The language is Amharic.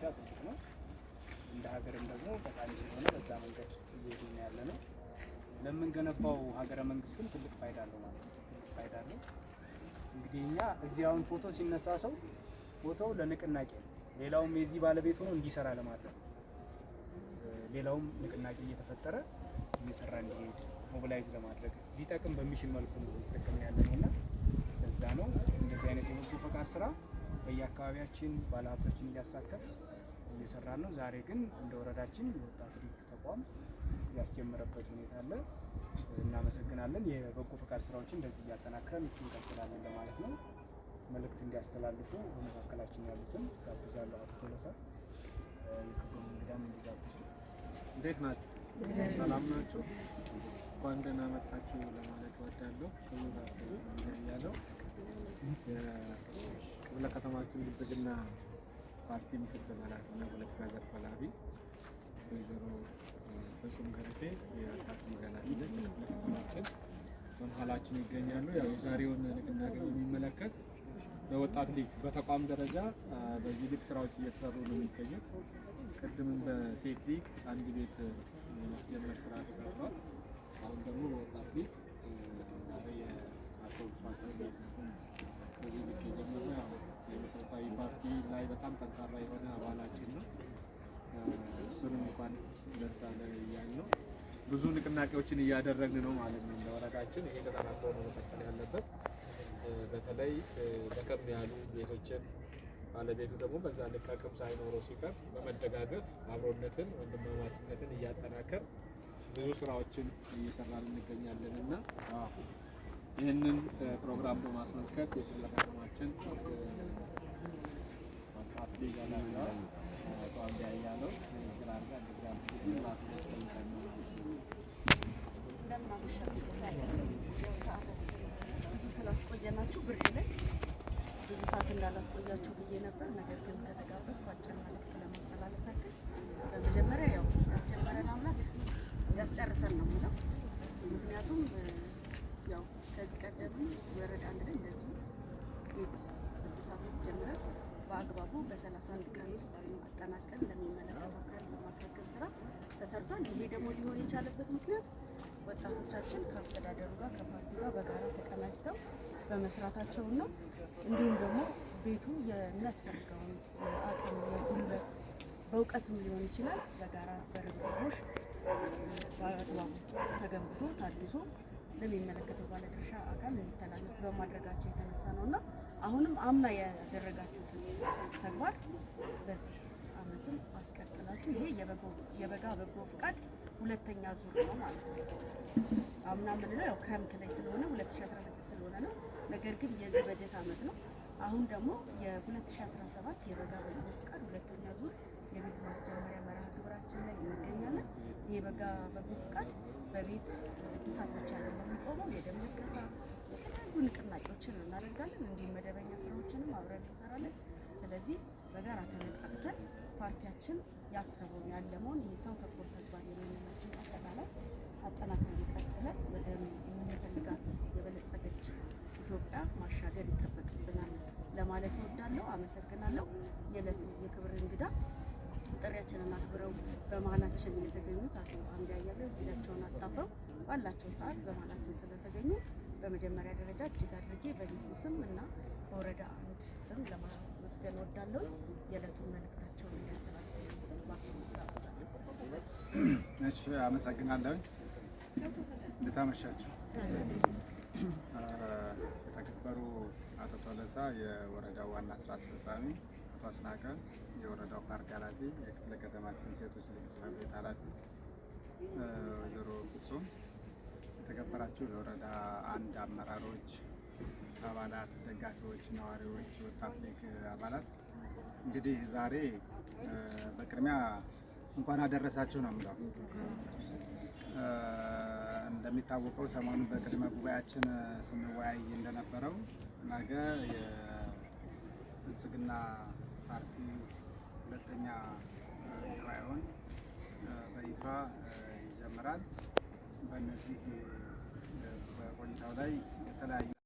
ፋይዳ ትልቅ ነው። እንደ ሀገርም ደግሞ ጠቃሚ ስለሆነ በዛ መንገድ እየሄድን ያለ ነው። ለምንገነባው ሀገረ መንግስትም ትልቅ ፋይዳ አለው ማለት ነው። ትልቅ ፋይዳ አለው። እንግዲህ እኛ እዚህ አሁን ፎቶ ሲነሳ ሰው ፎቶው ለንቅናቄ ነው። ሌላውም የዚህ ባለቤት ሆኖ እንዲሰራ ለማድረግ ሌላውም ንቅናቄ እየተፈጠረ እየሰራ እንዲሄድ ሞቢላይዝ ለማድረግ ሊጠቅም በሚችል መልኩ ነው እየተጠቀምን ያለ ነው እና ለዛ ነው እንደዚህ አይነት የበጎ ፈቃድ ስራ በየአካባቢያችን ባለሀብቶችን እያሳተፍ እየሰራ ነው። ዛሬ ግን እንደ ወረዳችን የወጣት ሊግ ተቋም ያስጀመረበት ሁኔታ አለ። እናመሰግናለን። የበጎ ፈቃድ ስራዎችን እንደዚህ እያጠናክረን እንቀጥላለን ለማለት ነው። መልእክት እንዲያስተላልፉ በመካከላችን ያሉትን ጋብዛለሁ። አቶ ቶለሳ ክቡር እንግዳም እንዲጋብዙ። እንዴት ናችሁ? ሰላም ናችሁ? እንኳን ደህና መጣችሁ ለማለት እወዳለሁ። ክቡር ያለው ለከተማችን ብልጽግና ፓርቲ ምክር ቤት ኃላፊ እና ፖለቲካ ዘርፍ ኃላፊ ወይዘሮ ፍጹም ገርፌ የፓርቲ ኃላፊነት ለከተማችን መንሀላችን ይገኛሉ። ያው የዛሬውን ንቅናቄ የሚመለከት በወጣት ሊግ በተቋም ደረጃ በዚህ ሊግ ስራዎች እየተሰሩ ነው የሚገኙት። ቅድምም በሴት ሊግ አንድ ቤት የማስጀመር ስራ ተሰርቷል። አሁን ደግሞ በወጣት ሊግ እንኳን ደስ አለን እያልን ነው። ብዙ ንቅናቄዎችን እያደረግን ነው ማለት ነው። እንደወረዳችን ይሄ ተጠናክሮ ነው መቀጠል ያለበት። በተለይ ደከም ያሉ ቤቶችን ባለቤቱ ደግሞ በዛ ልክ አቅም ሳይኖረው ሲቀር በመደጋገፍ አብሮነትን፣ ወንድማማችነትን እያጠናከር ብዙ ስራዎችን እየሰራን እንገኛለን እና ይህንን ፕሮግራም በማስመልከት የክፍለ ከተማችን አትሌ ጋላ ላስቆያችሁ ብዬ ነበር። ነገር ግን ከተጋበዝኩ አጭር መልዕክት ለማስተላለፍ ያክል በመጀመሪያ ያው ያስጀመረን አምላክ ያስጨርሰን ነው የምለው። ምክንያቱም ያው ከዚህ ቀደም ወረድ አንድ ላይ እንደዚሁ ቤት እድሳት ውስጥ ጀምረን በአግባቡ በሰላሳ አንድ ቀን ውስጥ አጠናቀን ለሚመለከተው አካል በማስረከብ ስራ ተሰርቷል። ይሄ ደግሞ ሊሆን የቻለበት ምክንያት ወጣቶቻችን ከአስተዳደሩ ጋር ከፓርቲ ጋር በጋራ ተቀናጅተው በመስራታቸው ነው እንዲሁም ደግሞ ቤቱ የሚያስፈልገውን አቅም ጉልበት በእውቀትም ሊሆን ይችላል በጋራ በርብሮሽ በአግባቡ ተገንብቶ ታድሶ ለሚመለከተው ባለድርሻ አካል እንዲተላለፍ በማድረጋቸው የተነሳ ነው እና አሁንም አምና ያደረጋችሁትን ተግባር በዚህ ሂደቱን አስቀጥላችሁ ይሄ የበጋ በጎ ፍቃድ ሁለተኛ ዙር ነው ማለት ነው። አምና የምንለው ያው ክረምት ላይ ስለሆነ 2016 ስለሆነ ነው። ነገር ግን የዚህ በጀት ዓመት ነው። አሁን ደግሞ የ2017 የበጋ በጎ ፍቃድ ሁለተኛ ዙር የቤት ማስጀመሪያ መርሃ ግብራችን ላይ እንገኛለን። የበጋ በጎ ፍቃድ በቤት እድሳት ብቻ ነው የሚቆመው። የደም ልገሳ፣ የተለያዩ ንቅናቄዎችን እናደርጋለን። እንዲሁም መደበኛ ስራዎችንም አብረን እንሰራለን። ስለዚህ በጋራ ተነቃቅተን ፓርቲያችን ያሰበውን ያለመውን ይህ ሰው ተኮር ተግባር የምንላትን አጠቃላይ አጠናክረን ይቀጥላል። ወደ የምንፈልጋት የበለጸገች ኢትዮጵያ ማሻገር ይጠበቅብናል ለማለት እወዳለሁ። አመሰግናለሁ። የዕለቱ የክብር እንግዳ ጥሪያችንን አክብረው በመሀላችን የተገኙት አቶ አምዲ ጊዜያቸውን አጣበው ባላቸው ሰዓት በመሀላችን ስለተገኙ በመጀመሪያ ደረጃ እጅግ አድርጌ በልዩ ስም እና በወረዳ አንድ ስም ለማመስገን ወዳለሁ። የዕለቱን መልካም እሺ፣ አመሰግናለሁ። እንዴት የተከበሩ አቶ ቶለሳ የወረዳው ዋና ስራ አስፈጻሚ፣ አቶ አስናቀ የወረዳው ፓርክ ኃላፊ፣ የክፍለ ከተማችን ሴቶች ልጅ ጽሕፈት ቤት ኃላፊ፣ ወይዘሮ ፍጹም፣ የተከበራችሁ የወረዳ አንድ አመራሮች አባላት፣ ደጋፊዎች፣ ነዋሪዎች፣ ወጣት ሊግ አባላት እንግዲህ ዛሬ በቅድሚያ እንኳን አደረሳችሁ ነው የምለው። እንደሚታወቀው ሰሞኑን በቅድመ ጉባኤያችን ስንወያይ እንደነበረው ነገ የብልጽግና ፓርቲ ሁለተኛ ጉባኤውን በይፋ ይጀምራል። በእነዚህ በቆይታው ላይ የተለያዩ